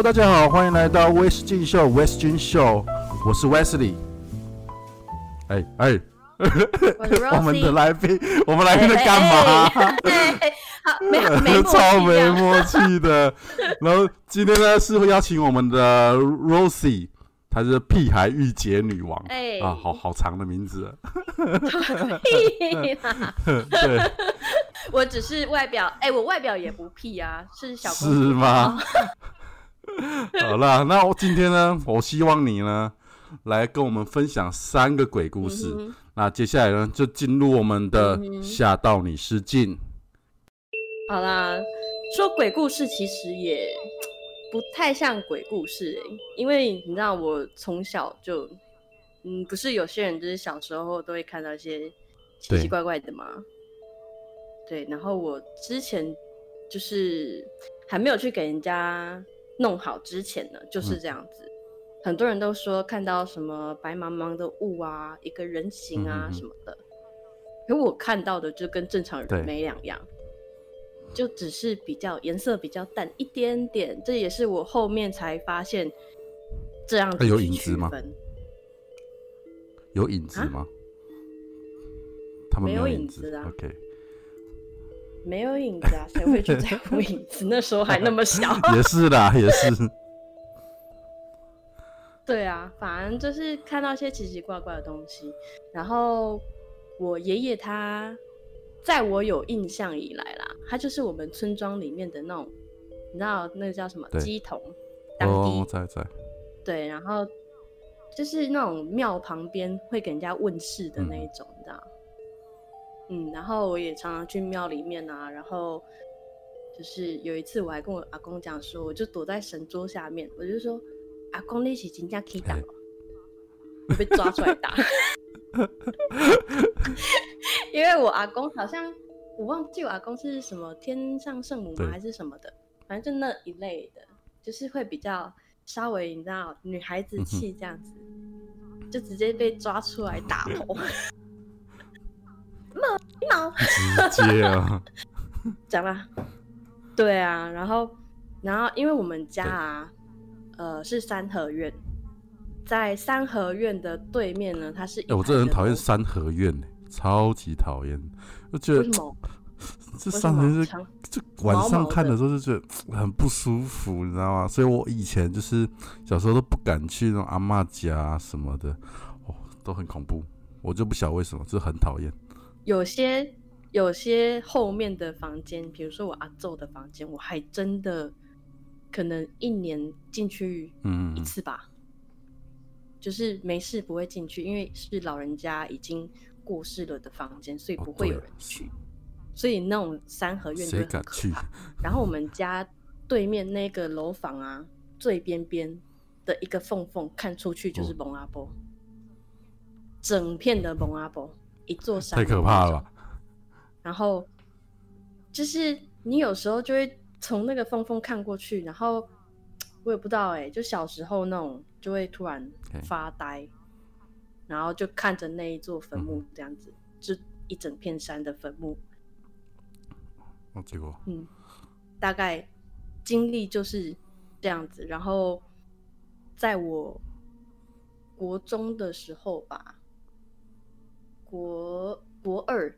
大家好，歡迎來到微失禁 Show 微失禁 Show，我是 Wesley。哎、欸、哎、欸，我們的來賓，我們來賓在幹嘛、欸欸欸欸？好，沒,沒超沒默契的。然後今天呢是會邀請我們的 ROSY，她是屁孩御姊女王。哎、欸、啊，好好長的名字。哈 我只是外表，哎、欸，我外表也不屁啊，是小嗎是嗎？ 好啦，那我今天呢， 我希望你呢來跟我們分享三個鬼故事。嗯、那接下來呢，就進入我們的嚇到你失禁、嗯。好啦，說鬼故事其實也不太像鬼故事、欸，因為你知道我從小就，嗯，不是有些人就是小時候都會看到一些奇奇怪怪的嗎？對，對然後我之前就是還沒有去給人家。弄好之前呢，就是這樣子、嗯。很多人都說看到什麼白茫茫的霧啊，一個人形啊什麼的，可是，嗯嗯嗯、我看到的就跟正常人沒兩樣，就只是比較顏色比較淡一點點。這也是我後面才發現這樣子、欸。有影子嗎？有影子嗎？啊、他們沒有影子，沒有影子啊。Okay. 沒有影子啊，誰會去在乎影子？ 那時候還那麼小。也是啦，也是。 對啊，反正就是看到一些奇奇怪怪的東西。然後我爺爺他，在我有印象以來啦，他就是我們村莊裡面的那種，你知道那個叫什麼？乩童。哦，oh, 在在。對，然後就是那種廟旁邊會給人家問事的那一種。嗯嗯，然後我也常常去廟裡面啊，然後就是有一次我還跟我阿公講說，我就躲在神桌下面，我就說，阿公你是真家可以打，你被抓出來打， 因為我阿公好像我忘記我阿公是什麼天上聖母嗎？還是什麼的，反正就那一類的，就是會比較稍微你知道、哦、女孩子氣這樣子、嗯，就直接被抓出來打我。 直接啊，講吧。對啊，然後，然後，因為我們家啊，呃，是三合院，在三合院的對面呢，它是。欸、我這人討厭三合院、欸，超級討厭。我覺得這三合院是，就晚上看的時候，就覺得很不舒服，你知道嗎？所以我以前就是小時候都不敢去那種阿嬤家什麼的，哦，都很恐怖。我就不曉得為什麼，就很討厭。有些有些後面的房間，比如說我阿祖的房間，我還真的可能一年進去一次吧，嗯，就是沒事不會進去，因為是老人家已經過世了的房間，所以不會有人去。哦，所以那種三合院都很可怕，誰敢去？然後我們家對面那個樓房啊， 最邊邊的一個縫縫看出去就是蒙阿波，哦，整片的蒙阿波。嗯一座山太可怕了，然後就是你有時候就會從那個縫縫看過去，然後我也不知道哎、欸，就小時候那種就會突然發呆，okay. 然後就看着那一座墳墓這樣子，嗯，就一整片山的墳墓。哦，結果嗯，大概經歷就是這樣子，然後在我國中的時候吧。國國二，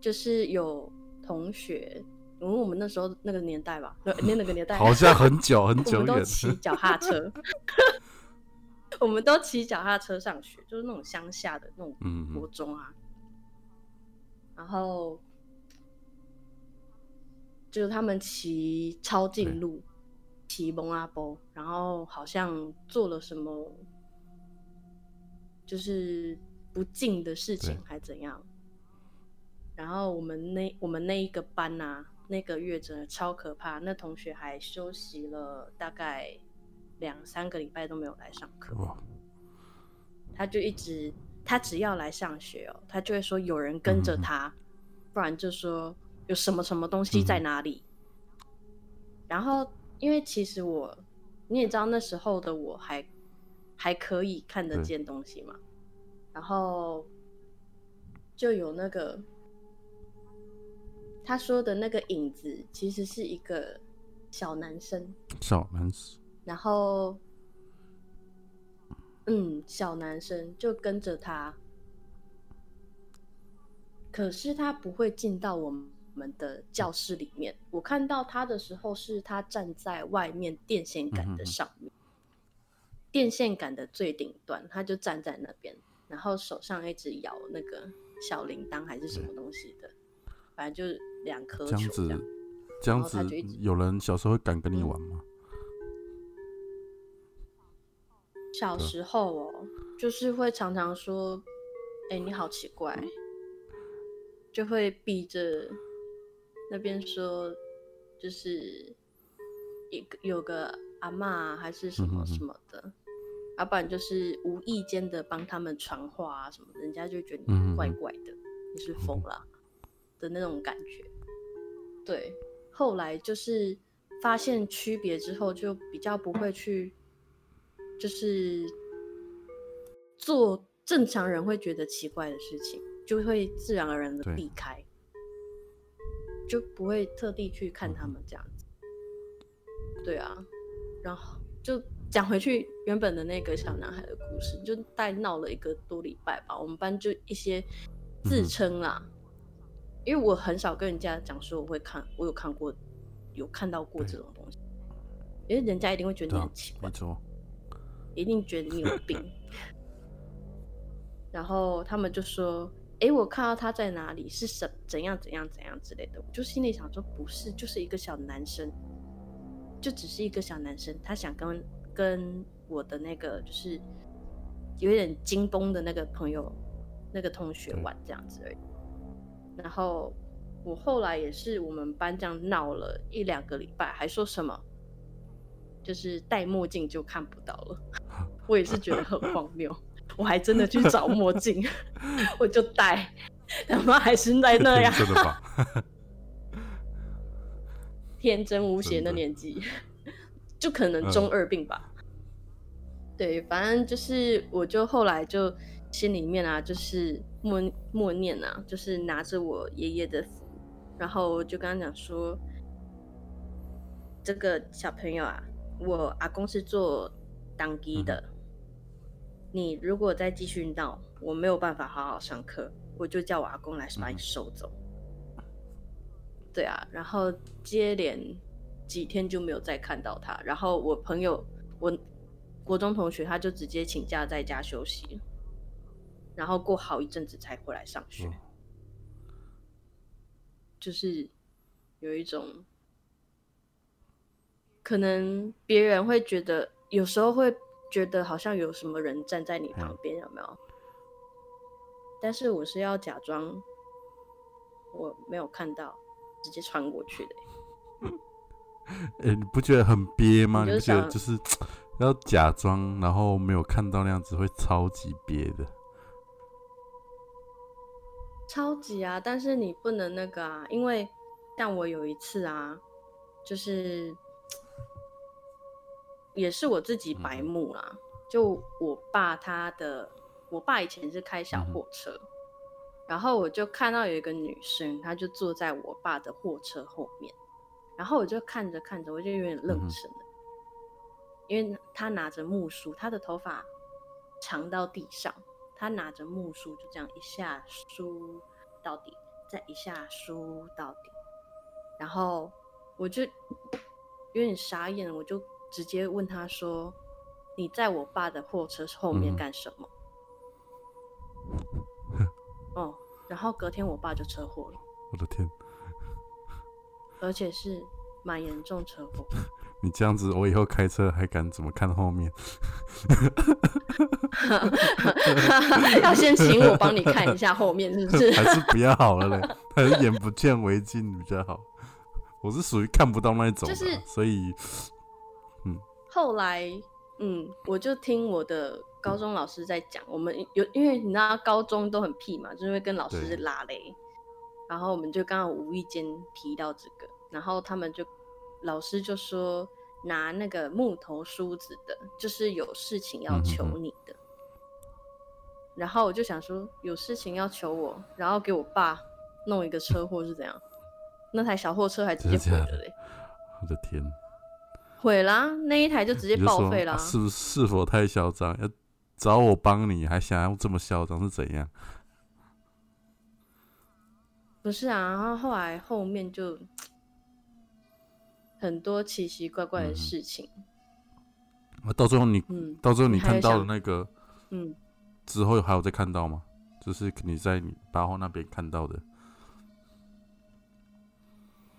就是有同學，因、嗯、為我們那時候那個年代吧，那那個年代好像很久 很久，我們都騎腳踏車， 我們都騎腳踏車上學，就是那種鄉下的那種國中啊。嗯嗯然後就是他們騎超近路，騎、欸、蒙阿波，然後好像做了什麼，就是。不敬的事情還怎樣？然後我們那我們那一個班啊，那個月真的超可怕。那同學還休息了大概兩三個禮拜都沒有來上課。他就一直他只要來上學哦，他就會說有人跟着他，嗯、不然就說有什麼什麼東西在哪裡。嗯、然後因為其實我你也知道那時候的我還還可以看得見東西嘛。然後就有那個他說的那個影子，其實是一個小男生。小男生。然後，嗯，小男生就跟着他，可是他不會進到我們的教室裡面。我看到他的時候，是他站在外面電線桿的上面，嗯，電線桿的最頂端，他就站在那邊。然後手上一直咬那個小鈴鐺還是什麼東西的，反正就是兩顆珠子。這樣子，這樣子，有人小時候會敢跟你玩嗎？嗯、小時候哦、喔，就是會常常說：“哎、欸，你好奇怪、欸。嗯”就會避着那邊說，就是一個有個阿嬤、啊、還是什麼什麼的。嗯要不然就是無意間的幫他們傳話啊，什麼的，人家就覺得你怪怪的，嗯、你是瘋了、啊嗯、的那種感覺。對，後來就是發現區別之後，就比較不會去，就是做正常人會覺得奇怪的事情，就會自然而然的避開，就不會特地去看他們這樣子。對啊，然後就。講回去原本的那個小男孩的故事，就大概鬧了一個多禮拜吧。我們班就一些自稱啦、嗯，因為我很少跟人家講說我會看，我有看過，有看到過這種東西，因為人家一定會覺得你很奇怪、啊，一定覺得你有病。 然後他們就說：“哎、欸，我看到他在哪裡是什麼怎樣怎樣怎樣之類的。”我就心裡想說：“不是，就是一個小男生，就只是一個小男生，他想跟。”跟我的那個就是有點京東的那個朋友，那個同學玩這樣子而已。然後我後來也是我們班這樣鬧了一兩個禮拜，還說什麼就是戴墨鏡就看不到了。我也是覺得很荒謬， 我還真的去找墨鏡， 我就戴，他 媽 還是在那樣，真 天真無邪的年紀。就可能中二病吧，嗯、對，反正就是，我就後來就心裡面啊，就是默默念啊，就是拿着我爺爺的，然後就跟他講說，這個小朋友啊，我阿公是做當機的、嗯，你如果再繼續鬧，我沒有辦法好好上課，我就叫我阿公來把你收走。嗯、對啊，然後接連。幾天就沒有再看到他，然後我朋友，我國中同學，他就直接請假在家休息，然後過好一陣子才回來上學。嗯，就是有一種，可能別人會覺得，有時候會覺得好像有什麼人站在你旁邊，嗯，有沒有？但是我是要假裝我沒有看到，直接穿過去的。欸、你不覺得很憋嗎？你，你不覺得就是要假裝，然後沒有看到那樣子會超級憋的？超級啊！但是你不能那個啊，因為但我有一次啊，就是也是我自己白目啦、嗯。就我爸他的，我爸以前是開小貨車、嗯，然後我就看到有一個女生，她就坐在我爸的貨車後面。然後我就看着看着，我就有點愣神了、嗯，因為他拿着木梳，他的頭髮長到地上，他拿着木梳就這樣一下梳到底，再一下梳到底，然後我就有點傻眼，我就直接問他說：“你在我爸的貨車後面幹什麼？”嗯、 哦，然後隔天我爸就車禍了。我的天！而且是蠻嚴重車禍。 你這樣子，我以後開車還敢怎麼看後面？ 要先請我幫你看一下後面是不是？ 還是不要好了，他有眼不見為淨比較好。我是屬於看不到那一種，就是所以、嗯，後來，嗯，我就聽我的高中老師在講、嗯，我們有因為你知道高中都很屁嘛，就會、是、跟老師拉雷。然後我們就剛好無意間提到這個。然後他們就，老師就說拿那個木頭梳子的，就是有事情要求你的。嗯嗯嗯。然後我就想說，有事情要求我，然後給我爸弄一個車禍是怎樣？ 那台小貨車還直接毀了嘞，欸！我的天，毀啦，啊！那一台就直接報廢啦。啊，是是否太囂張？要找我幫你還想要這麼囂張是怎樣？不是啊，然後後來後面就。很多奇奇怪怪的事情。嗯嗯、啊，到最後你、嗯，到最後你看到的那個，嗯，之後還有再看到嗎？就是你在你八號那邊看到的。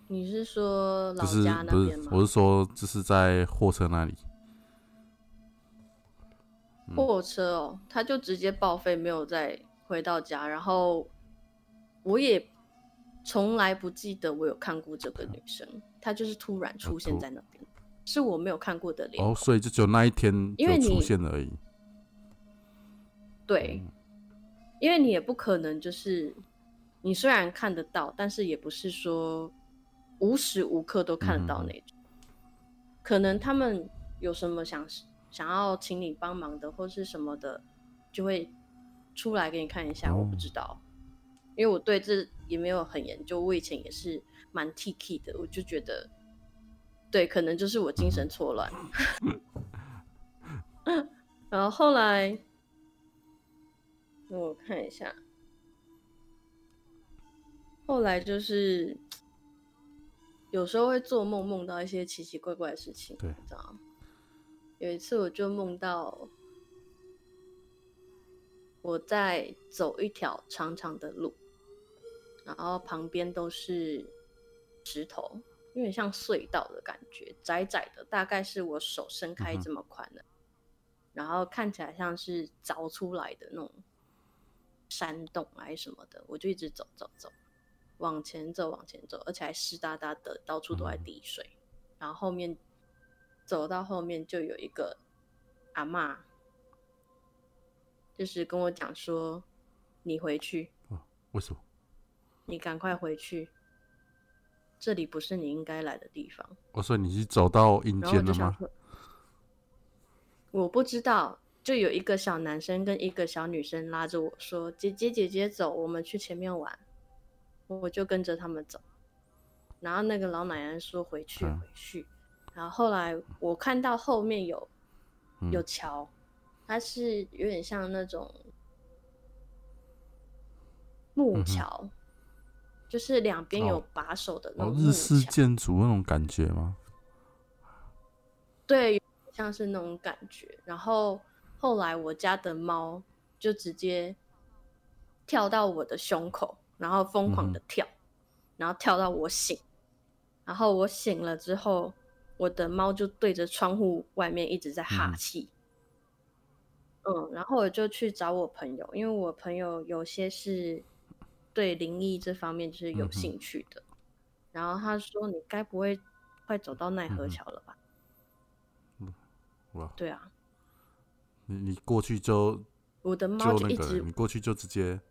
你是說老家那邊嗎、就是、不是、我是說，這是在貨車那裡。貨、嗯、車哦，他就直接報廢，沒有再回到家。然後我也從來不記得我有看過這個女生。嗯他就是突然出現在那邊，是我沒有看過的臉。哦，所以就只有那一天就出現而已。對，因為你也不可能就是，你雖然看得到，但是也不是說無時無刻都看得到那種。嗯。可能他們有什麼想想要請你幫忙的，或是什麼的，就會出來給你看一下，嗯。我不知道，因為我對這也沒有很研究。我以前也是。蠻 Tiky 的，我就覺得，對，可能就是我精神錯亂。 然後後來，我看一下，後來就是有時候會做夢，夢到一些奇奇怪怪的事情。對，你知道。有一次我就夢到我在走一條長長的路，然後旁邊都是。石頭，有點像隧道的感覺，窄窄的，大概是我手伸開這麼寬的，嗯。然後看起來像是鑿出來的那種山洞還是什麼的，我就一直走走走，往前走往前走，而且還濕噠噠的，到處都在滴水，嗯。然後後面走到後面就有一個阿嬤，就是跟我講說：“你回去。”“哦，為什麼？”“你趕快回去。”這裡不是你應該來的地方。我、哦、說你是走到陰間了嗎？我不知道，就有一個小男生跟一個小女生拉着我說：“姐姐姐姐，走，我們去前面玩。”我就跟着他們走。然後那個老奶奶說回、嗯：“回去，回去。”然後後來我看到後面有有橋、嗯，它是有點像那種木橋。嗯就是兩邊有把手的那種、哦、日式建築那種感覺嗎？對，像是那種感覺。然後後來我家的貓就直接跳到我的胸口，然後瘋狂的跳、嗯，然後跳到我醒。然後我醒了之後，我的貓就對着窗戶外面一直在哈氣、嗯。嗯，然後我就去找我朋友，因為我朋友有些是。對靈異這方面就是有興趣的，嗯、然後他說：“你該不會快走到奈何橋了吧？”嗯，對啊，你你過去就我的貓就一直你過去就直接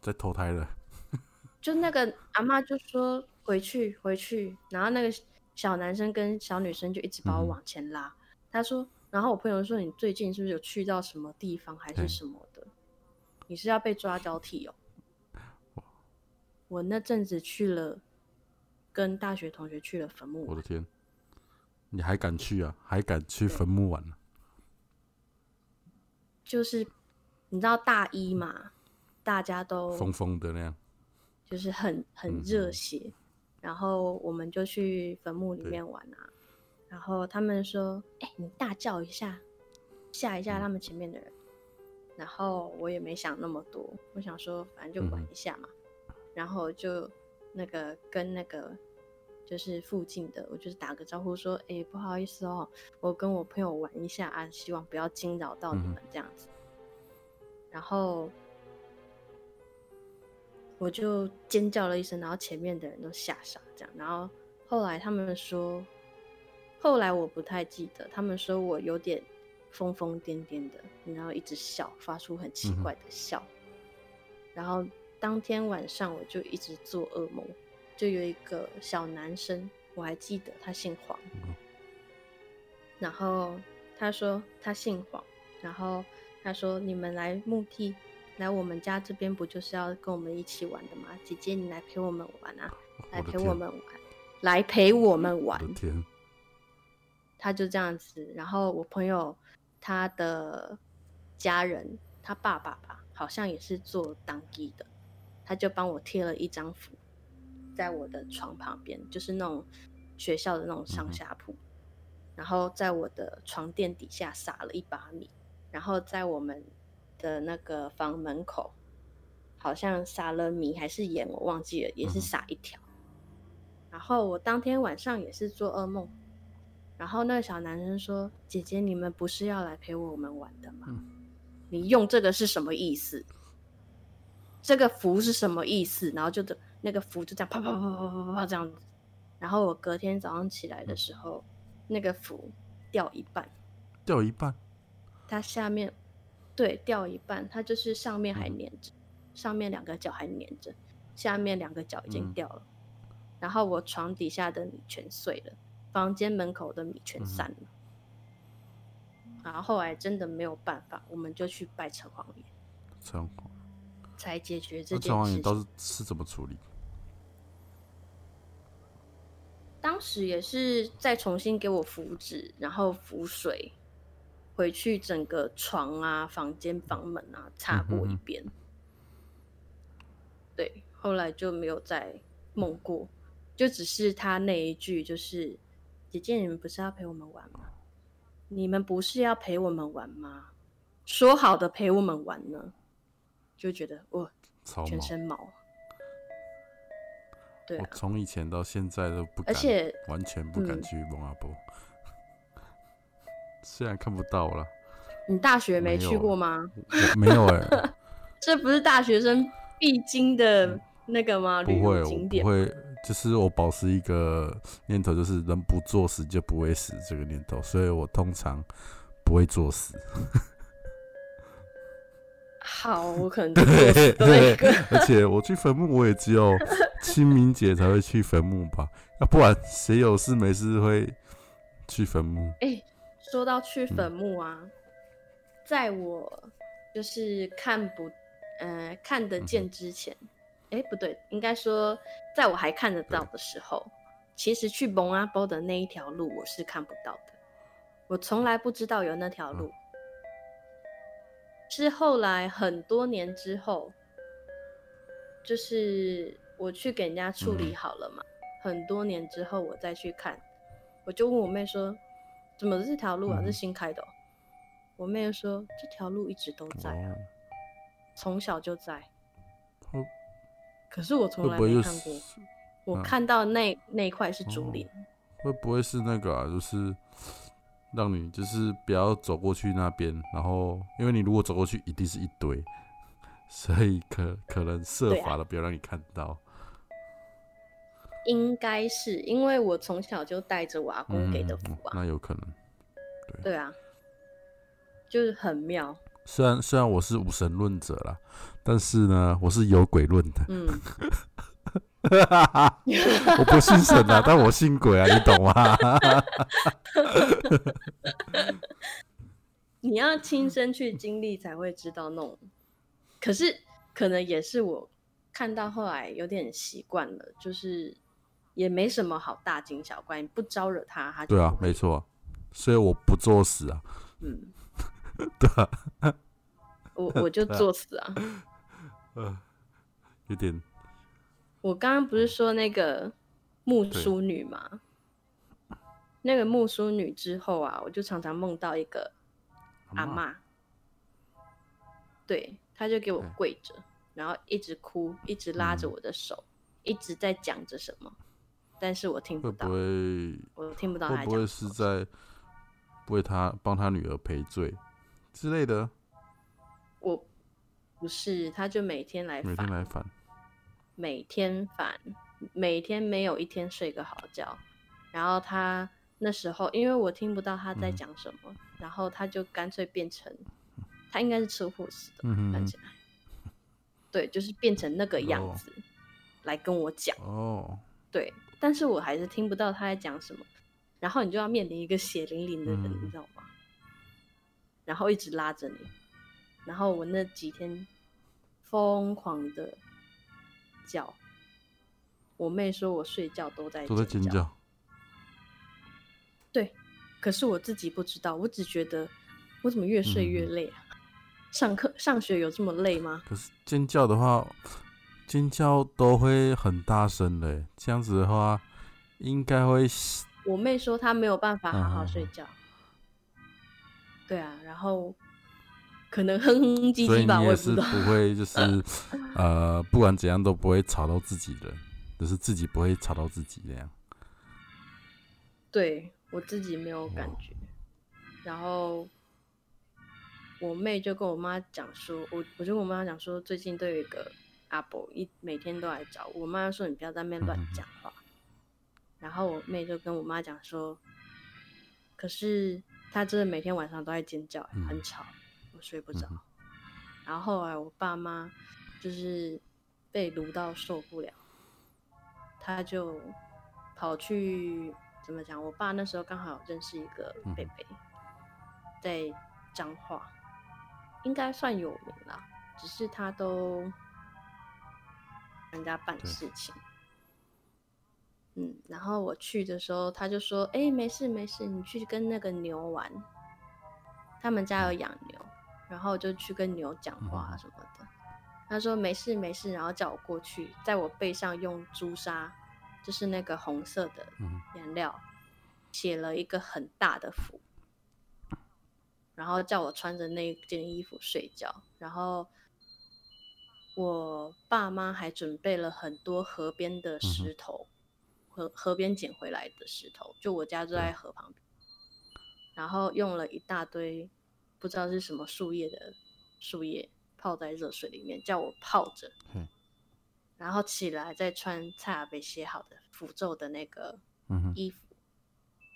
在投胎了，就那個阿媽就說：“回去，回去。”然後那個小男生跟小女生就一直把我往前拉，嗯。他說：“然後我朋友說你最近是不是有去到什麼地方還是什麼的？欸、你是要被抓交替哦，喔？”我那陣子去了，跟大學同學去了墳墓。我的天！你還敢去啊？還敢去墳墓玩啊？就是你知道大一嘛，大家都瘋瘋的那樣，就是很很熱血。然後我們就去墳墓裡面玩啊。然後他們說：“哎、欸，你大叫一下，嚇一下他們前面的人。”嗯，然後我也沒想那麼多，我想說反正就玩一下嘛。嗯然後就，那個跟那個就是附近的，我就是打個招呼說：“欸，不好意思哦，我跟我朋友玩一下啊，希望不要驚擾到你們這樣子。嗯”然後我就尖叫了一聲，然後前面的人都嚇傻，這樣。然後後來他們說，後來我不太記得，他們說我有點瘋瘋癲癲的，然後一直笑，發出很奇怪的笑，嗯、然後。當天晚上我就一直做噩夢，就有一個小男生，我還記得他姓黃，嗯、然後他說他姓黃，然後他說你們來墓地，來我們家這邊不就是要跟我們一起玩的嗎？姐姐你來陪我們玩啊，來陪我們玩，來陪我們玩我。他就這樣子，然後我朋友他的家人，他爸爸吧，好像也是做當地的。他就幫我貼了一張符，在我的床旁邊，就是那種學校的那種上下鋪，然後在我的床墊底下撒了一把米，然後在我們的那個房門口，好像撒了米還是鹽，我忘記了，也是撒一條。然後我當天晚上也是做噩夢，然後那個小男生說：“姐姐，你們不是要來陪我們玩的嗎？嗯、你用這個是什麼意思？”這個符是什麼意思？然後就那個符就這樣啪啪啪啪啪啪這樣子。然後我隔天早上起來的時候，嗯、那個符掉一半，掉一半。它下面對掉一半，它就是上面還粘着、嗯，上面兩個角還粘着，下面兩個角已經掉了、嗯。然後我床底下的米全碎了，房間門口的米全散了、嗯。然後後來真的沒有辦法，我們就去拜城隍爺。才解決這件事。那當時也是再重新給我符紙，然後符水，回去整個床啊、房間、房門啊擦過一遍，嗯嗯。對，後來就沒有再夢過，就只是他那一句，就是姐姐，你們不是要陪我們玩嗎？你們不是要陪我們玩嗎？說好的陪我們玩呢？就覺得我全身毛，對、啊，我從以前到現在都不敢，而且完全不敢去蒙、嗯、阿波，雖然看不到了。你大學沒去過嗎？沒有哎，有欸、 這不是大學生必經的那個嗎、嗯、嗎？不會，我不會，就是我保持一個念頭，就是人不作死就不會死這個念頭，所以我通常不會作死。 好我可能對， 對，對對 而且我去墳墓，我也只有清明節才會去墳墓吧？那、 啊、不然誰有事沒事會去墳墓，欸？說到去墳墓啊、嗯，在我就是看不，呃，看得見之前，嗯、欸、不對，應該說，在我還看得到的時候，其實去蒙阿波的那一條路我是看不到的，我從來不知道有那條路。嗯是後來很多年之後，就是我去給人家處理好了嘛。嗯、很多年之後我再去看，我就問我妹說：“怎麼這條路啊、嗯、是新開的、哦？”我妹又說：“這條路一直都在啊，嗯、從小就在。嗯”可是我從來沒看過，會會嗯、我看到那那一塊是竹林，會不會是那個、啊、就是？讓你就是不要走過去那邊，然後因為你如果走過去，一定是一堆，所以可可能設法的不要讓你看到。啊、應該是因為我從小就帶着我阿公給的符啊、嗯哦，那有可能。對。對啊，就是很妙。雖然雖然我是無神論者啦，但是呢，我是有鬼論的。嗯。 哈哈，我不信神啊， 但我信鬼啊， 你懂嗎？ 你要親身去經歷才會知道那種，可是可能也是我看到後來有點習慣了，就是也沒什麼好大驚小怪，不招惹他，他就對啊，沒錯，所以我不作死啊。嗯， 對啊， 我，我我就作死啊。 對啊， 有點。我剛剛不是說那個木梳女嗎？那個木梳女之後啊，我就常常夢到一個阿嬤，對，她就給我跪着，okay. 然後一直哭，一直拉着我的手，嗯，一直在講着什麼，但是我聽不到。會不會？我聽不到她的講話。會不會是在為她，幫她女兒賠罪之類的？我不是，她就每天來煩，每天來煩。每天煩，每天沒有一天睡個好覺。然後他那時候，因為我聽不到他在講什麼、嗯，然後他就乾脆變成，他應該是車禍死的、嗯，看起來，對，就是變成那個樣子、oh. 來跟我講。Oh. 對，但是我還是聽不到他在講什麼。然後你就要面臨一個血淋淋的人、嗯，你知道嗎？然後一直拉着你。然後我那幾天瘋狂的。我妹說我睡覺都在都在尖叫，對，可是我自己不知道，我只覺得我怎麼越睡越累啊？上課上學有這麼累嗎？可是尖叫的話，尖叫都會很大聲的，這樣子的話應該會。我妹說她沒有辦法好好睡覺，對啊，然後。可能哼哼唧唧吧，我知道。也是不會，就是 呃，不管怎樣都不會吵到自己的，只、就是自己不會吵到自己那樣。對我自己沒有感覺。然後我妹就跟我媽講說，我我就跟我媽講說，最近都有一個阿伯一每天都來找我。我媽說你不要在那邊亂講話，嗯。然後我妹就跟我媽講說，可是她真的每天晚上都在尖叫，欸，很吵。嗯我睡不着、嗯，然後後來我爸媽就是被毒到受不了，他就跑去怎麼講？我爸那時候剛好認識一個貝貝，嗯、在彰化，應該算有名啦。只是他都人家辦事情，嗯。然後我去的時候，他就說：“誒，沒事沒事，你去跟那個牛玩，他們家有養牛。嗯”然後就去跟牛講話什麼的，嗯，他說沒事沒事，然後叫我過去，在我背上用朱砂，就是那個紅色的顏料，嗯，寫了一個很大的符，然後叫我穿着那件衣服睡覺。然後我爸媽還準備了很多河邊的石頭，嗯，河河邊撿回來的石頭，就我家住在河旁邊，嗯，然後用了一大堆。不知道是什麼樹葉的樹葉泡在熱水裡面，叫我泡着，然後起來再穿蔡阿伯寫好的符咒的那個衣服，嗯、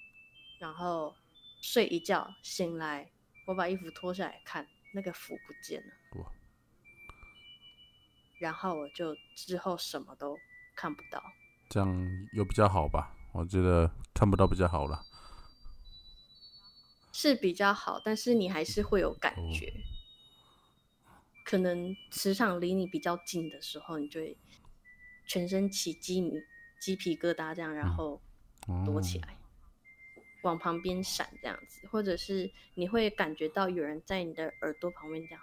然後睡一覺，醒來我把衣服脫下來看，那個符不見了，然後我就之後什麼都看不到。這樣又比較好吧？我覺得看不到比較好了。是比較好，但是你還是會有感覺。哦、可能磁場離你比較近的時候，你就會全身起雞米雞皮疙瘩，這樣然後躲起來，嗯哦、往旁邊閃，這樣子，或者是你會感覺到有人在你的耳朵旁邊這樣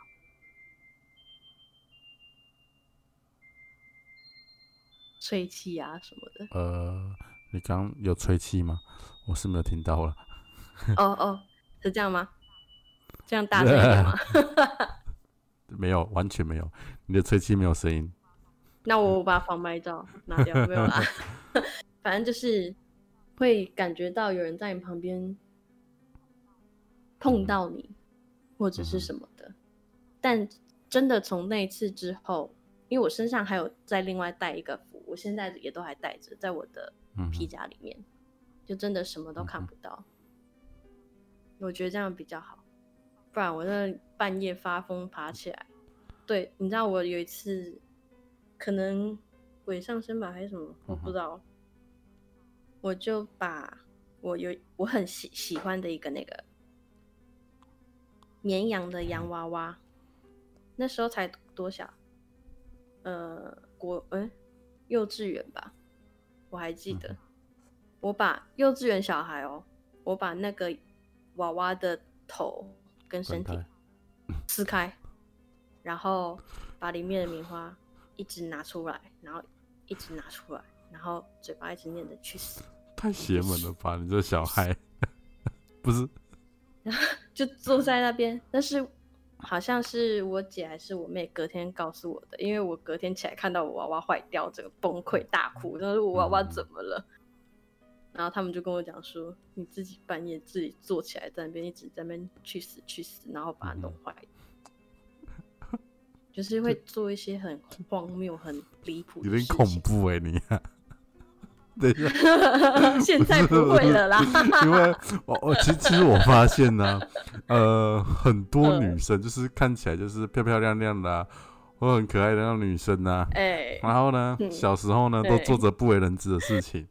吹氣啊什麼的。呃，你剛有吹氣嗎、嗯？我是沒有聽到了。哦哦。 是這樣嗎？這樣大聲一點嗎？Yeah. 沒有，完全沒有。你的吹氣沒有聲音。那我，我把防麥罩拿掉，沒有啦， 反正就是會感覺到有人在你旁邊碰到你，嗯、或者是什麼的、嗯。但真的從那次之後，因為我身上還有再另外帶一個符，我現在也都還帶着，在我的皮夾裡面，嗯、就真的什麼都看不到。嗯我覺得這樣比較好，不然我真半夜發瘋爬起來。對你知道，我有一次可能鬼上身吧，還是什麼，我不知道。我就把我有我很喜喜歡的一個那個綿羊的洋娃娃，那時候才多小？呃，國嗯、欸、幼稚園吧，我還記得。我把幼稚園小孩哦、喔，我把那個。娃娃的頭跟身體撕開，然後把裡面的棉花一直拿出來，然後一直拿出來，然後嘴巴一直念着“去死”。太邪門了吧！你這小孩， 不是， 就坐在那邊。但是好像是我姐還是我妹隔天告訴我的，因為我隔天起來看到我娃娃壞掉，這個崩潰大哭，他說我娃娃怎麼了？嗯然後他們就跟我講說：“你自己半夜自己坐起來，在那邊一直在那邊去死去死，然後把它弄壞，就是會做一些很荒謬、很離譜、有點恐怖哎、欸啊，你 對吧。 ”對，現在不會了啦。 因為我，我我其實其實我發現呢、啊， 呃，很多女生就是看起來就是漂漂亮亮的、啊，或很可愛的那種女生啦、啊。哎、欸，然後呢，小時候呢，欸、都做着不為人知的事情。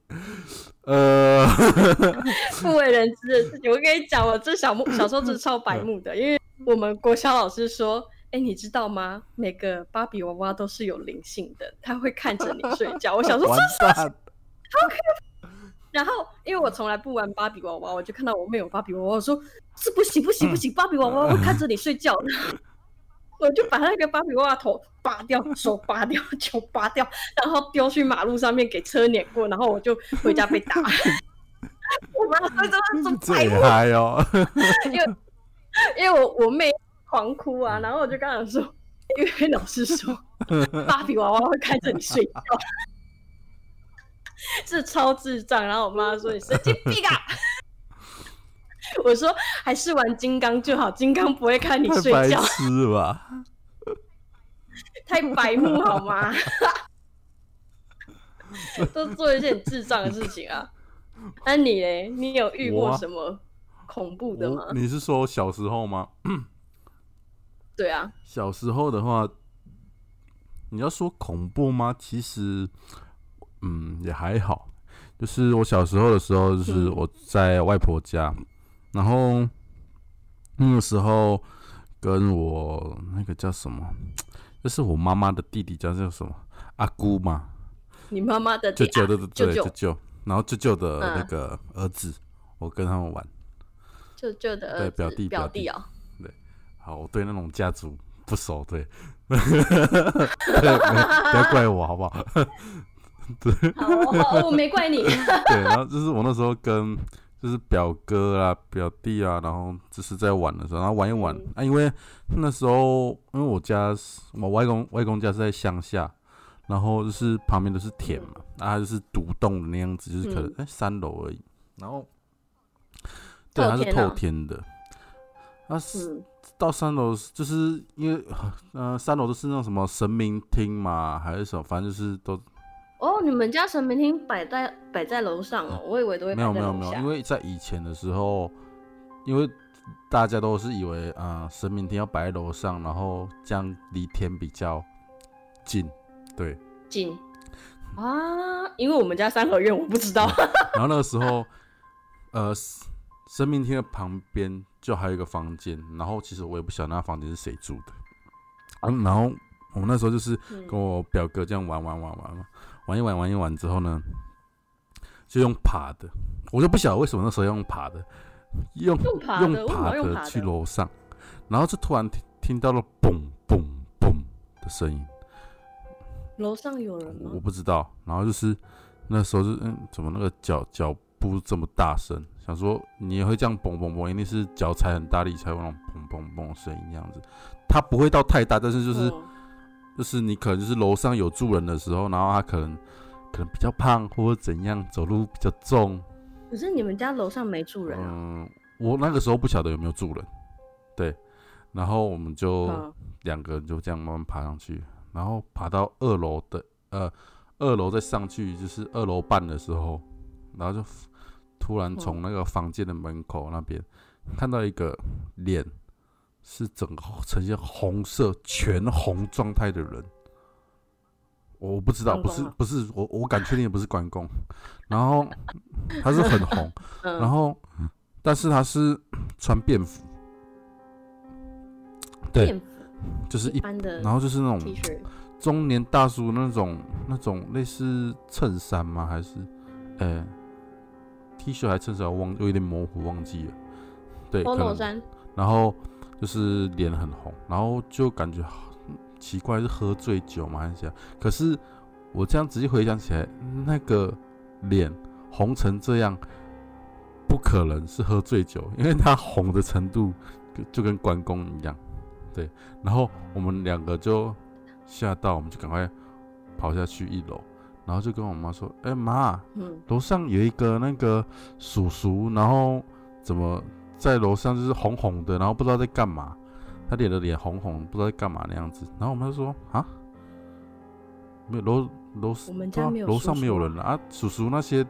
呃， 不為人知的事情，我跟你講，我這小木小時候是超白目的，因為我們國小老師說，欸，你知道嗎？每個芭比娃娃都是有靈性的，他會看着你睡覺。 我想說這是，好可愛。然後因為我從來不玩芭比娃娃，我就看到我妹有芭比娃娃，我說是不行不行不行，芭比娃娃會看着你睡覺的。 我就把那個芭比娃娃頭拔掉，手拔掉，腳拔掉，然後丟去馬路上面給車碾過，然後我就回家被打。 我媽媽說：“這是擺拍哦。 因”因為因為我我妹狂哭啊，然後我就跟她說：“因為老師說芭 比娃娃會看着你睡覺， 是超智障。”然後我媽說：“你神經病啊！”我說還是玩金剛就好，金剛不會看你睡覺，太白癡吧？ 太白目好嗎？ 都是做一些智障的事情啊！那、啊、你呢？你有遇過什麼恐怖的嗎？啊、你是說小時候嗎 ？對啊，小時候的話，你要說恐怖嗎？其實，嗯，也還好。就是我小時候的時候，就是我在外婆家。嗯然後那個時候，跟我那個叫什麼，就是我媽媽的弟弟叫叫什麼阿姑嘛，你媽媽的舅舅的、啊、對舅舅，然後舅舅的那個兒子、嗯，我跟他們玩，舅舅的兒子對表弟表弟啊、哦，對，好，我對那種家族不熟，對， 對，不要怪我好不好？ 對，好好好，我沒怪你。 對，然後就是我那時候跟。就是表哥啊，表弟啊，然後就是在玩的時候，然後玩一玩、嗯、啊。因為那時候，因為我家是我外公外公家是在鄉下，然後就是旁邊都是田嘛，嗯、啊，就是獨棟那樣子，就是可能哎、嗯、三樓而已。然後、啊，對，它是透天的。那、啊、是、嗯、到三樓，就是因為呃，三樓都是那種什麼神明廳嘛，還是什麼，反正就是都。哦，你們家神明廳擺在擺在樓上哦？喔嗯，我以為都會在沒有沒有沒有，因為在以前的時候，因為大家都是以為啊、呃、神明廳要擺在樓上，然後這樣離天比較近，對，近啊， 因為我們家三合院我不知道。然後那個時候， 呃，神明廳的旁邊就還有一個房間，然後其實我也不曉得那房間是誰住的，啊、然後我們那時候就是跟我表哥這樣玩玩玩玩嘛。嗯玩一玩，玩一玩之後呢，就用爬的，我就不曉得為什麼那時候用爬的，用用爬的，用爬的去樓上，然後就突然聽聽到了嘣嘣嘣的聲音，樓上有人嗎？我不知道。然後就是那時候就嗯，怎麼那個腳腳步這麼大聲？想說你也會這樣嘣嘣嘣，一定是腳踩很大力才會那種嘣嘣嘣的聲音這樣子，它不會到太大，但是就是。哦就是你可能就是樓上有住人的時候，然後他可能可能比較胖或者怎樣，走路比較重。可是你們家樓上沒住人啊？嗯，我那個時候不曉得有沒有住人。對，然後我們就兩、嗯、個人就這樣慢慢爬上去，然後爬到二樓的呃二樓再上去就是二樓半的時候，然後就突然從那個房間的門口那邊、嗯、看到一個臉。是整個呈現紅色、全紅狀態的人，我不知道，不是，不是，我我敢確定不是關公。 然後他是很紅， 然後、嗯、但是他是穿便服，對，就是一,一般的，然後就是那種中年大叔那種那種類似襯衫嗎？還是，哎、欸，T 恤還是襯衫？我忘，我有點模糊，忘記了。對，彷彷彷，可能，然後。就是臉很紅，然後就感覺奇怪，是喝醉酒嗎，還是怎樣？可是我這樣仔細回想起來，那個臉紅成這樣，不可能是喝醉酒，因為他紅的程度就跟關公一樣，對。然後我們兩個就嚇到，我們就趕快跑下去一樓，然後就跟我媽說：“哎媽，嗯，樓上有一個那個叔叔，然後怎麼？”在樓上就是紅紅的，然後不知道在幹嘛。他臉的臉紅紅，不知道在幹嘛那樣子。然後我們就說啊，沒有樓樓，我們家沒有叔叔。樓、啊、上沒有人了啊，啊，叔叔那些、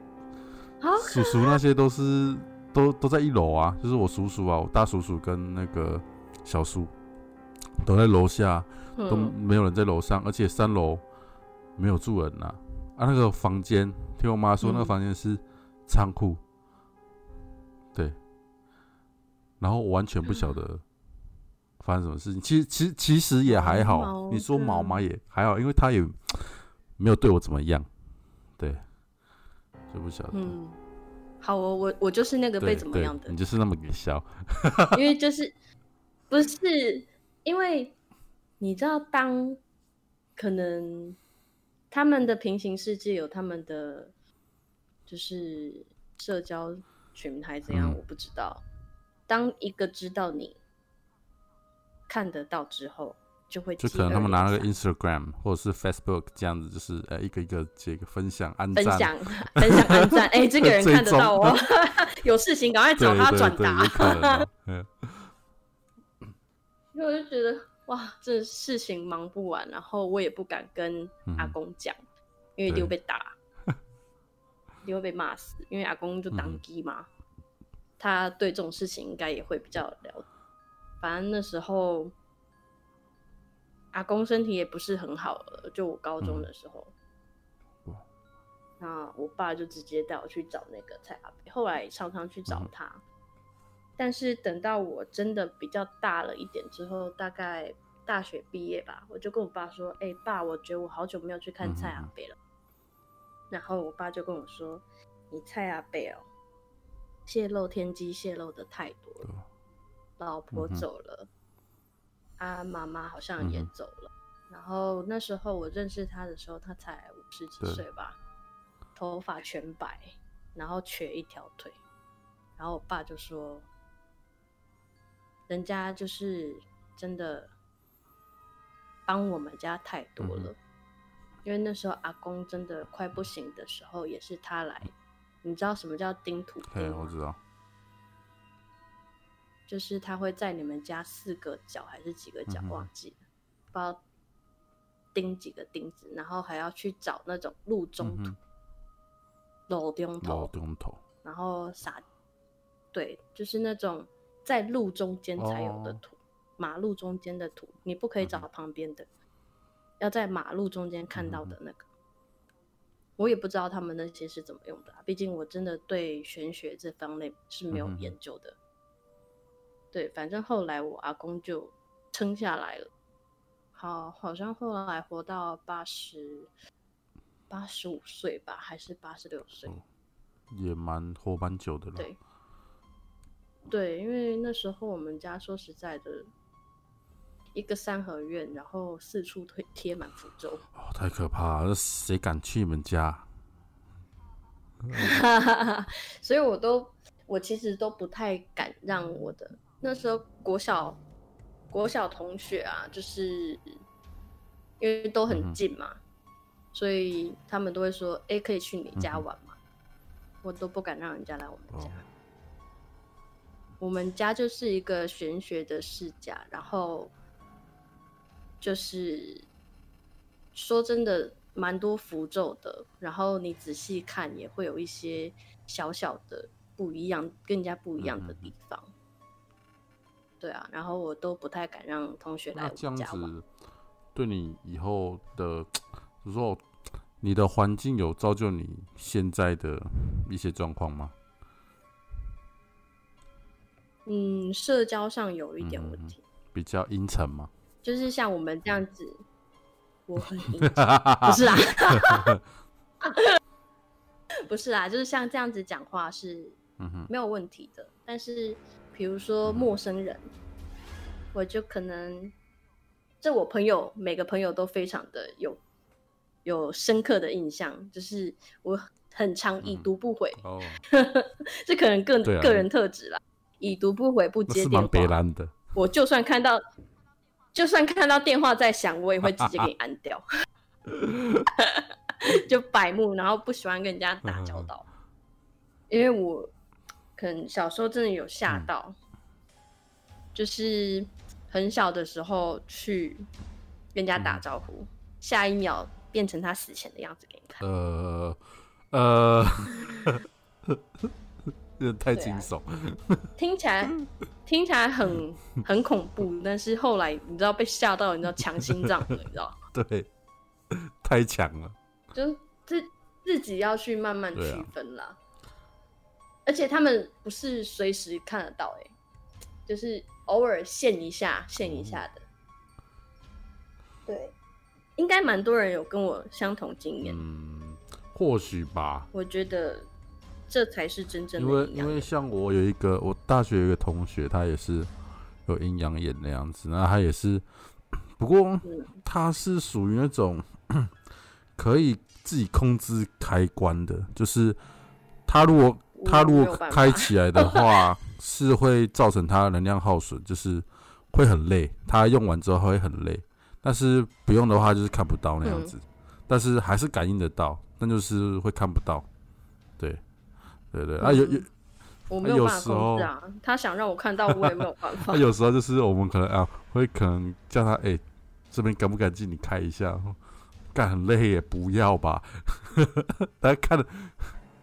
啊、叔叔那些都是都都在一樓啊，就是我叔叔啊，我大叔叔跟那個小叔都在樓下，都沒有人在樓上、嗯，而且三樓沒有住人吶、啊。啊那、嗯，那個房間，聽我媽說，那個房間是倉庫。然後我完全不曉得發生什麼事情， 其實其實其實也還好。毛你說毛嘛也、嗯、還好，因為他也沒有對我怎麼樣，對，就不曉得。嗯，好、哦，我我我就是那個被怎麼樣的，你就是那麼給笑， 因為就是不是因為你知道，當可能他們的平行世界有他們的就是社交群還怎樣，嗯、我不知道。當一個知道你看得到之後，就會就可能他們拿了個 Instagram 或者是 Facebook 這樣子，就是呃、欸、一個一個這個分享、按讚、分享、分享、按讚。哎，這個人看得到哦， 有事情趕快找他轉達。對對對對 因為我就覺得哇，這事情忙不完，然後我也不敢跟阿公講、嗯，因為丟被打，丟會被罵死，因為阿公就當乩嘛。嗯他對這種事情應該也會比較了解，反正那時候阿公身體也不是很好了，就我高中的時候，嗯、那我爸就直接帶我去找那個蔡阿伯，後來常常去找他、嗯，但是等到我真的比較大了一點之後，大概大學畢業吧，我就跟我爸說：“哎、欸，爸，我覺得我好久沒有去看蔡阿伯了。嗯”然後我爸就跟我說：“你蔡阿伯哦。”洩露天機，洩露的太多了。老婆走了，他、嗯啊、媽媽好像也走了、嗯。然後那時候我認識他的時候，他才五十幾歲吧，頭髮全白，然後瘸一條腿。然後我爸就說：“人家就是真的幫我們家太多了，嗯、因為那時候阿公真的快不行的時候，也是他來。”你知道什麼叫釘土？對，嘿，我知道，就是他會在你們家四個角還是幾個角忘、嗯、記了，不知道釘幾個釘子，然後還要去找那種路中土、樓、嗯、中，中，中，中然後撒，對，就是那種在路中間才有的土，哦、馬路中間的土，你不可以找旁邊的、嗯，要在馬路中間看到的那個。嗯。我也不知道他們那些是怎麼用的，畢竟我真的對玄學這方面是沒有研究的。嗯嗯。對，反正後來我阿公就撐下來了，好，好像後來活到八十八十五歲吧，還是八十六歲，也蠻活蠻久的了。對，對，因為那時候我們家說實在的。一個三合院，然後四處推貼滿符咒、哦。太可怕了！誰敢去你們家？ 所以，我都我其實都不太敢讓我的那時候國小國小同學啊，就是因為都很近嘛、嗯，所以他們都會說：“哎、欸，可以去你家玩嘛、嗯？”我都不敢讓人家來我們家。哦、我們家就是一個玄學的世家，然後。就是說真的，蠻多符咒的。然後你仔細看，也會有一些小小的不一樣，更加不一樣的地方、嗯。對啊，然後我都不太敢讓同學來我家嘛。那這樣子對你以後的，如果，你的環境有造就你現在的一些狀況嗎？嗯，社交上有一點問題，嗯、比較陰沉嘛。就是像我們這樣子， 我很不是啊，不是啊， 就是像這樣子講話是，沒有問題的。嗯、但是，比如說陌生人，嗯、我就可能這我朋友每個朋友都非常的有有深刻的印象，就是我很常已讀不回哦，這、嗯、 可能個、哦、個人特質啦，已、啊、讀不回不接電話，北爛的，我就算看到。就算看到電話在響，我也會直接給你按掉。啊啊啊啊 就白目，然後不喜歡跟人家打交道，嗯、因為我可能小時候真的有嚇到、嗯，就是很小的時候去跟人家打招呼、嗯，下一秒變成他死前的樣子給你看。呃。呃 太驚悚、啊，聽起來 聽起來很很恐怖，但是後來你知道被嚇到，你知道強心臟你知道 對，太強了，就自自己要去慢慢區分了、啊，而且他們不是隨時看得到、欸，就是偶爾現一下現一下的，嗯、對，應該蠻多人有跟我相同經驗，嗯，或許吧，我覺得。這才是真正的。因為因為像我有一個，我大學有一個同學，他也是有陰陽眼那樣子，那他也是，不過、嗯、他是屬於那種可以自己控制開關的，就是他如果他如果開起來的話， 是會造成他能量耗損，就是會很累，他用完之後會很累，但是不用的話就是看不到那樣子，嗯、但是還是感應得到，那就是會看不到。對對、嗯、啊，有有，我沒有辦法控制啊，啊。他想讓我看到，我也沒有辦法、 啊。他有時候就是我們可能啊，會可能叫他哎、欸，這邊敢不敢進？你開一下，幹很累也不要吧。 大家看，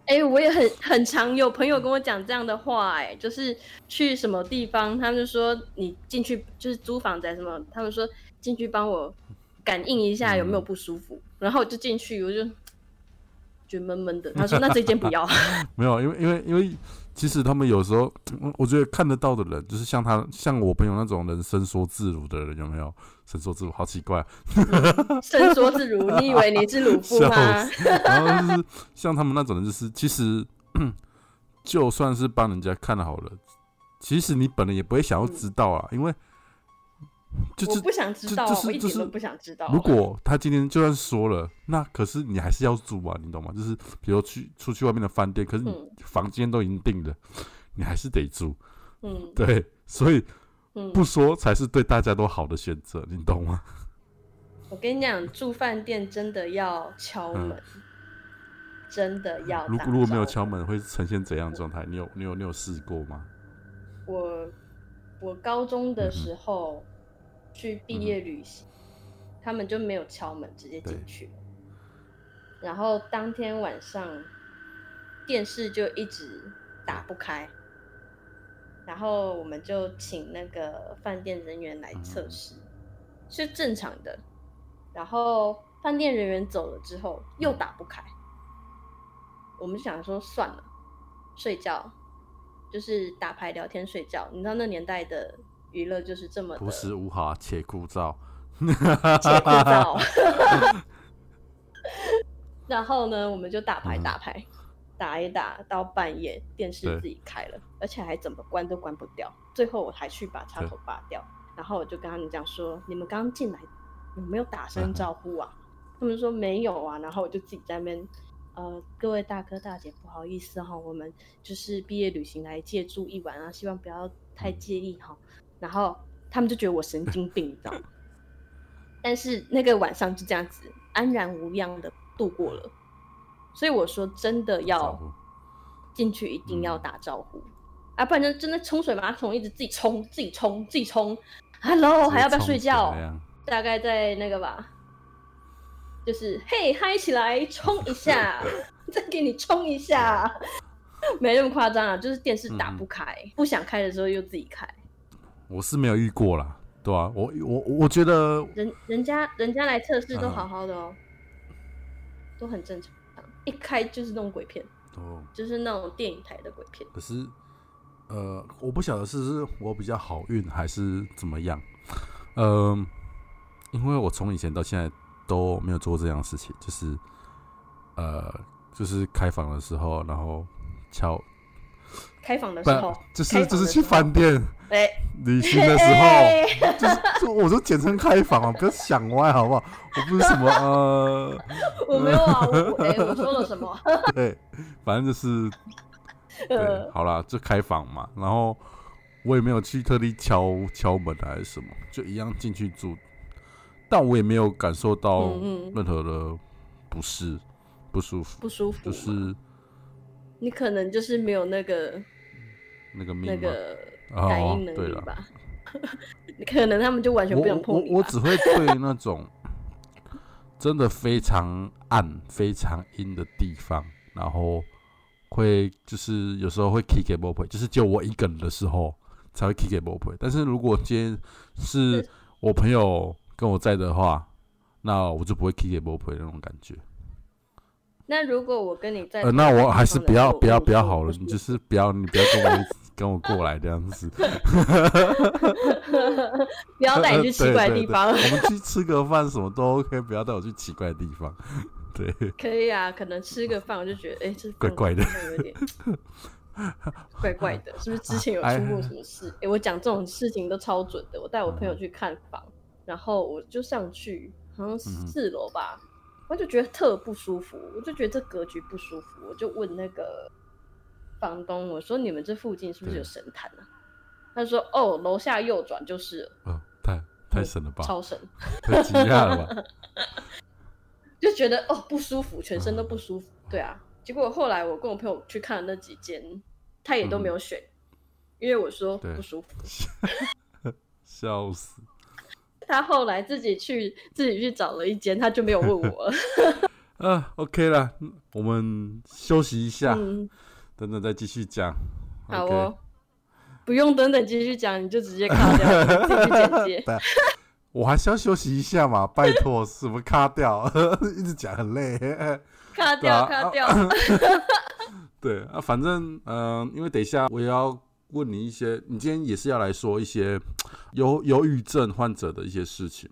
哎、欸，我也很很常有朋友跟我講這樣的話、欸，哎，就是去什麼地方，他們就說你進去就是租房子還是什麼，他們說進去幫我感應一下有沒有不舒服，嗯、然後我就進去，我就。就悶悶的，他說：“那這件不要。 ”沒有，因為因為因為，其實他們有時候，我覺得看得到的人，就是像他像我朋友那種人，伸縮自如的人，有沒有？伸縮自如，好奇怪。嗯、伸縮自如， 你以為你是魯夫嗎？然後就是像他們那種人，就是其實就算是幫人家看好了，其實你本人也不會想要知道啊，嗯、因為。就，就我不想知道，我一點都不想知道、就是。如果他今天就算說了，那可是你還是要住啊，你懂嗎？就是比如去出去外面的飯店，可是你房間都已經訂了、嗯，你還是得住。嗯，對，所以，不說才是對大家都好的選擇、嗯，你懂嗎？我跟你講，住飯店真的要敲門，嗯、真的要。如如果沒有敲門，會呈現怎樣的狀態？你有你有你有試過嗎？我我高中的時候。嗯嗯去畢業旅行、嗯，他們就沒有敲門，直接進去。然後當天晚上，電視就一直打不開。然後我們就請那個飯店人員來測試、嗯，是正常的。然後飯店人員走了之後，又打不開。我們想說算了，睡覺，就是打牌、聊天、睡覺。你知道那年代的。娛樂就是這麼樸實無華，且枯燥，枯燥。然後呢，我們就打牌打牌，嗯、打一打到半夜，電視自己開了，而且還怎麼關都關不掉。最後我還去把插頭拔掉。然後我就跟他們講說，你們剛進來有沒有打聲招呼啊？嗯？他們說沒有啊。然後我就自己在那邊，呃，各位大哥大姐，不好意思哈，我們就是畢業旅行來借住一晚啊，希望不要太介意哈。嗯然後他們就覺得我神經病，你知道嗎？但是那個晚上就這樣子安然無恙的度過了，所以我說真的要進去一定要打招呼，打招呼啊，不然就真的沖水馬桶一直自己沖自己沖自己沖，自己沖，Hello，自己沖還要不要睡覺？大概在那個吧，就是嘿嗨、hey, 起來沖一下， 再給你沖一下， 沒那麼誇張啊，就是電視打不開、嗯，不想開的時候又自己開。我是沒有遇過啦，對啊，我我我覺得人人家人家來測試都好好的哦、喔嗯，都很正常，一開就是那種鬼片哦、嗯，就是那種電影台的鬼片。可是，呃，我不曉得是是我比較好運還是怎麼樣，嗯，因為我從以前到現在都沒有做過這樣的事情，就是呃，就是開房的時候，然後敲。開房，就是、開房的時候，就是就是去飯店旅、欸、行的時候，欸、就是我就簡稱開房啊， 不要想歪好不好？我不是什麼呃、啊，我沒有啊， 我、欸、我說了什麼、啊？對，反正就是，對，好啦，就開房嘛。然後我也沒有去特地敲敲門還是什麼，就一樣進去住。但我也沒有感受到任何的不適、不舒服、不舒服，就是你可能就是沒有那個。那個那個啊、哦哦，對了， 可能他們就完全不用碰我我，我只會對那種真的非常暗、 非常陰的地方，然後會就是有時候會 kick 告 b o b，就是就我一個人的時候才會 kick 告 b o b，但是如果今天是我朋友跟我在的話，那我就不會 kick 告 b o b，那種感覺。那如果我跟你在的的、呃，那我還是不要不要不要好了，你就是不要你不要做這樣子。 跟我過來這樣子 不要帶你去奇怪的地方。 我們去吃個飯，什麼都 OK。不要帶我去奇怪的地方。對，可以啊，可能吃個飯我就覺得，哎、欸，這是怪怪的，有 點怪怪的，是不是之前有出過什麼事？哎、啊欸，我講這種事情都超準的。我帶我朋友去看房，嗯嗯，然後我就上去，好像四樓吧，嗯嗯，我就覺得特不舒服，我就覺得這格局不舒服，我就問那個。房東，我說你們這附近是不是有神壇？啊？他說：哦，樓下右轉就是了。嗯，太太神了吧？超神！太神了吧，就覺得哦不舒服，全身都不舒服，嗯。對啊，結果後來我跟我朋友去看了那幾間，他也都沒有選，嗯，因為我說不舒服。 笑死！他後來自己去自己去找了一間，他就沒有問我。 啊，OK 了，我們休息一下。嗯等等，再繼續講。好哦、okay，不用等等繼續講，你就直接卡掉 繼續剪接， 我還是要休息一下嘛，拜託，什麼卡掉， 一直講很累。卡掉、啊，卡掉。對啊， 對啊，反正嗯、呃，因為等一下我也要問你一些，你今天也是要來說一些，憂憂鬱症患者的一些事情，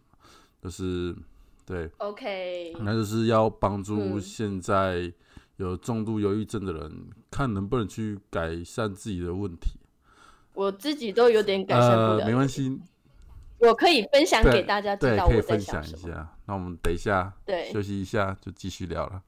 就是對。OK。那就是要幫助現在、嗯。有重度憂鬱症的人，看能不能去改善自己的問題。我自己都有點改善不了。呃，沒關係，我可以分享給大家知道我在想。對，可以分享一下。那我們等一下，對，休息一下就繼續聊了。